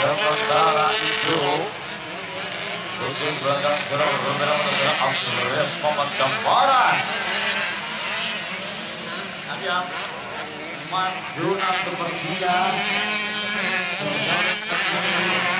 Sementara itu Kucing belakang gerak bergerak bergerak Akselerasi paman gambaran Adiam ya, Manjunan sepertinya Sementara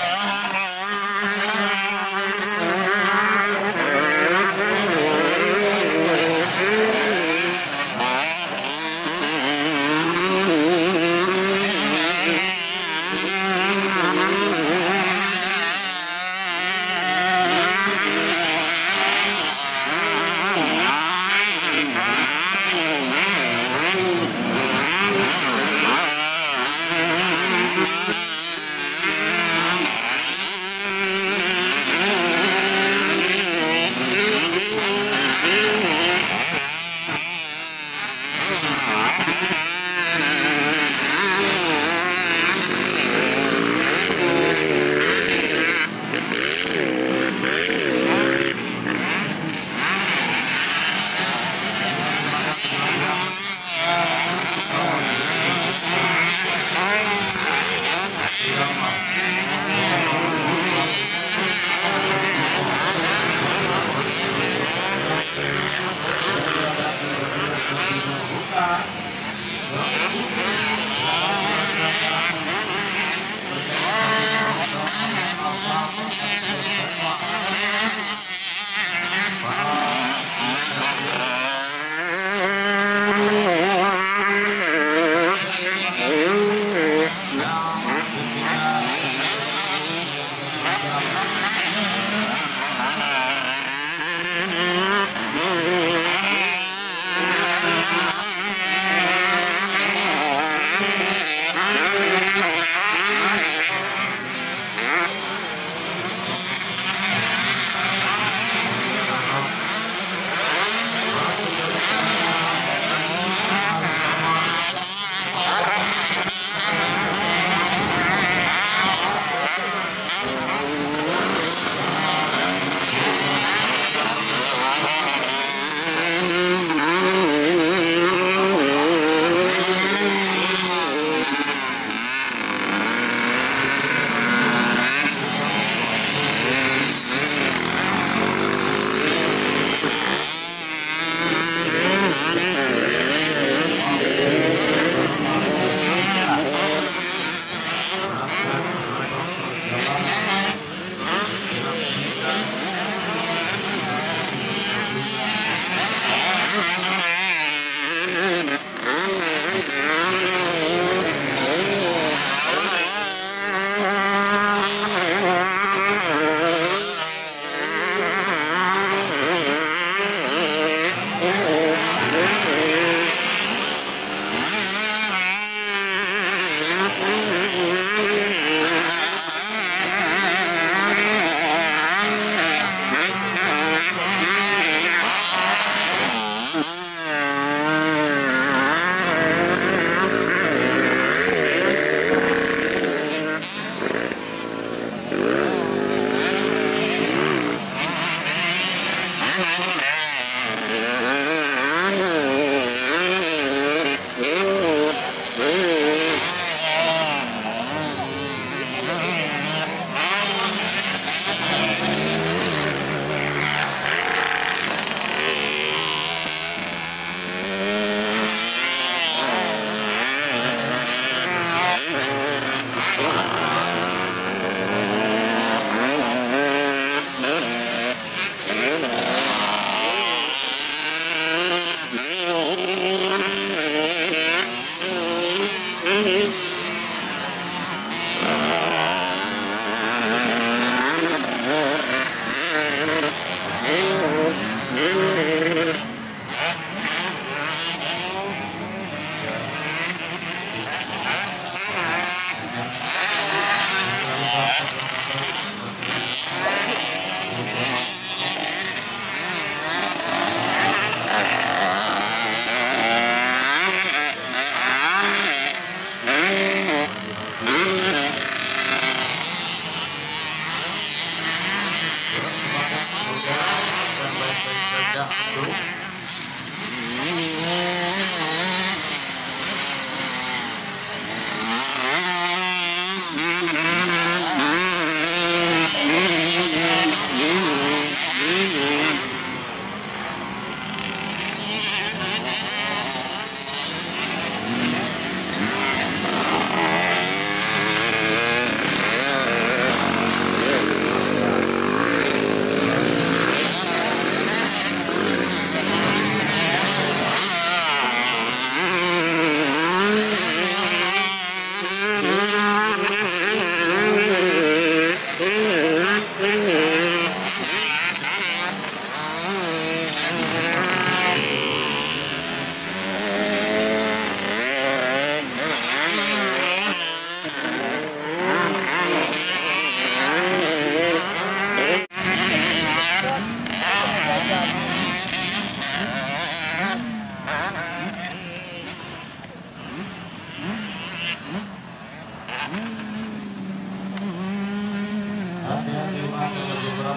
dan yang kelima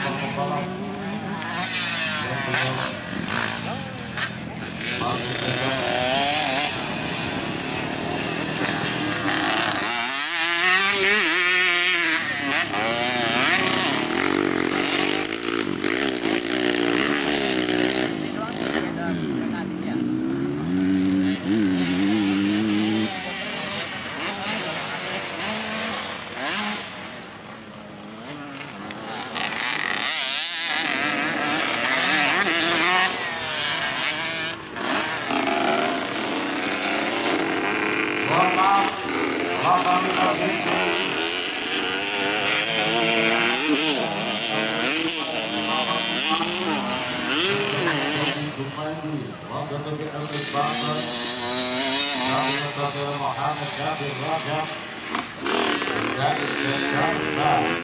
ada بدعو الباطل محمد شافي الرجب ذلك الشيطان